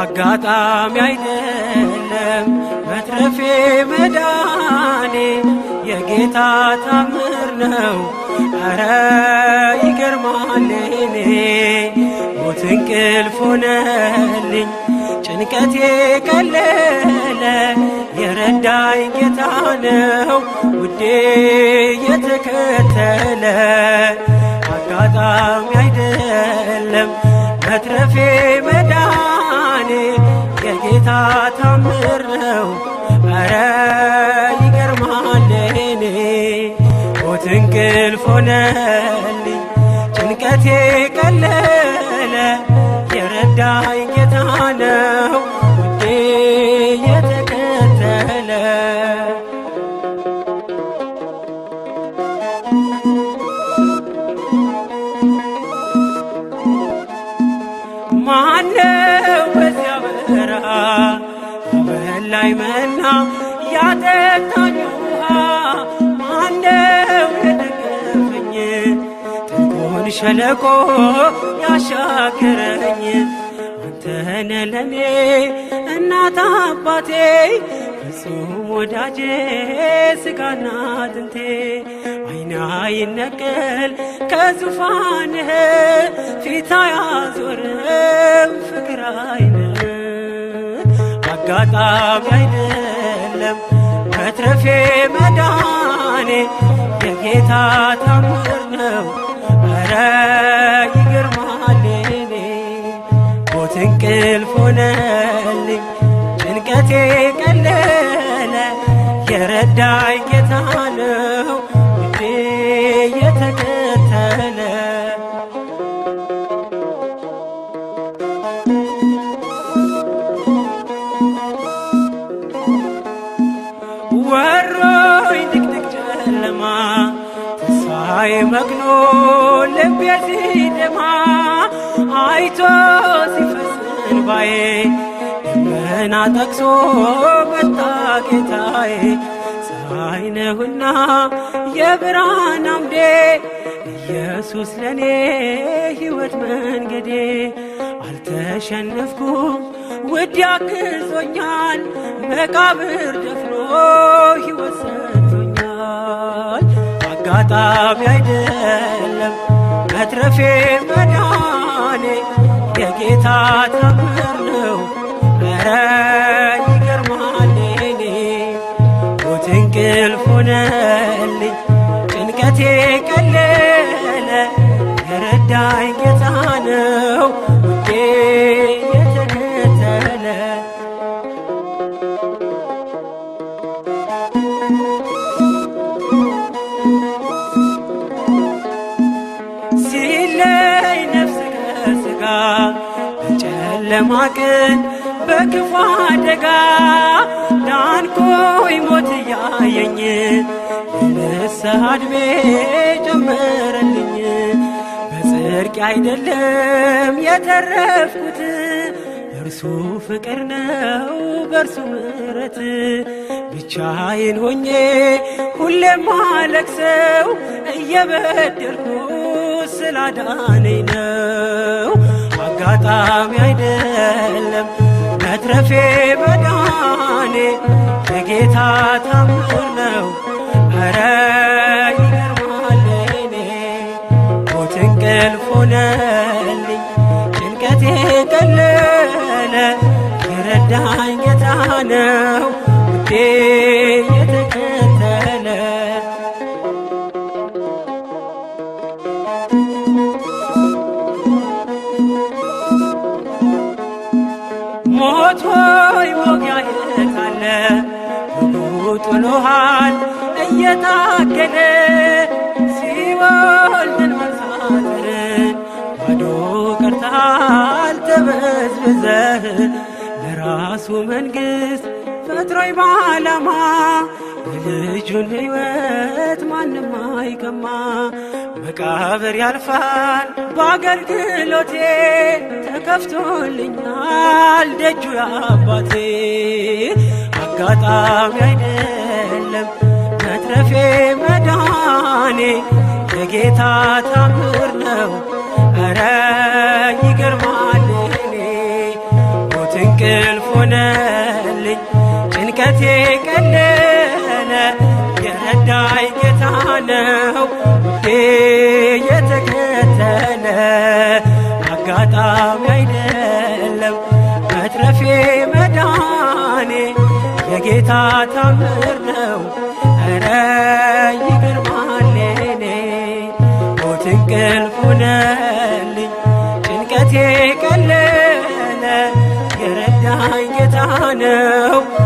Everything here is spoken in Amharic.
አጋጣሚ አይደል ማረፌ መዳኔ የጌታ ታምር ነው። አረ ይገርማል ኔ ሞት እንቅልፍ ሆነልኝ ጭንቀቴ ቀለለ የረዳኝ ጌታ ነው ውዴ የተከተለ አጋጣሚ አይደለም መትረፌ ሆነልኝ ጭንቀቴ ቀለለ የረዳኝ ጌታ ነው ውዴ የተከተለ ማነው በዚያ በራ በላይ መና ያጠጣኝ ሸለቆ ያሻገረኝ አንተነ ለኔ እናት አባቴ ፍጹም ወዳጄ ስጋና አጥንቴ አይና ይነቀል ከዙፋንህ ፊታ ያዞረው ፍቅር አይነ አጋጣሚ አይደለም መትረፌ መዳኔ የጌታ ታምር ነው። ኧረ ይገርማል እኔ ሞት እንቅልፍ ሆነልኝ ጭንቀቴ ቀለለ የረዳኝ ጌታ ነው ፀሐይ መግኖ ልቤ ሲደማ አይቶ ሲፈስ እንባዬ ደመና ጠቅሶ መጣ ጌታዬ። ፀሐይ የብርሃን አምዴ ኢየሱስ ለኔ ሕይወት መንገዴ። አልተሸነፍኩም ውድ ያግዞኛል መቃብር ደፍኖ ሕይወት አጋጣሚ አይደለም መትረፌ መዳኔ የጌታ ጨለማ በክፉ አደጋ ዳንኩኝ ሞት እያየኝ የንስሐ ዕድሜ ጨመረልኝ። በጽድቅ አይደለም የተረፍኩት እርሱ ፍቅር ነው በእርሱ ምረት ብቻዬን ሆኜ ሁሌም አለቅሰው እየበደልኩ ስላዳነኝ ነው። ድካሜ አይደለም መትረፌ በዳኔ ለጌታ ታምር ነው። አገደ ሲኦልን መንሳት ባዶ ቀርተሃል ተበዝብዘህ ለራሱ መንግሥት ፈጥሮኝ ባላማ ልጁን ሕይወት ማንም አይቀማ መቃብር ያልፋል በአገልግሎቴ ተከፍቶልኛል ደጁ የአባቴ አጋጣሚ አይደለም መትረፌ የጌታ ታምር ነው። እረ ይገርማል። እኔ ሞት እንቅልፍ ሆነልኝ፣ ጭንቀቴ ቀለለ። የረዳይ ጌታ ነው ውዴ የተከተለ አጋጣሚ አይደለም መትረፌ መዳኔ የጌታ ታምር ነው። እረ እንቅልፍ ሆነልኝ ጭንቀቴ ቀለለ የረዳኝ ጌታ ነው።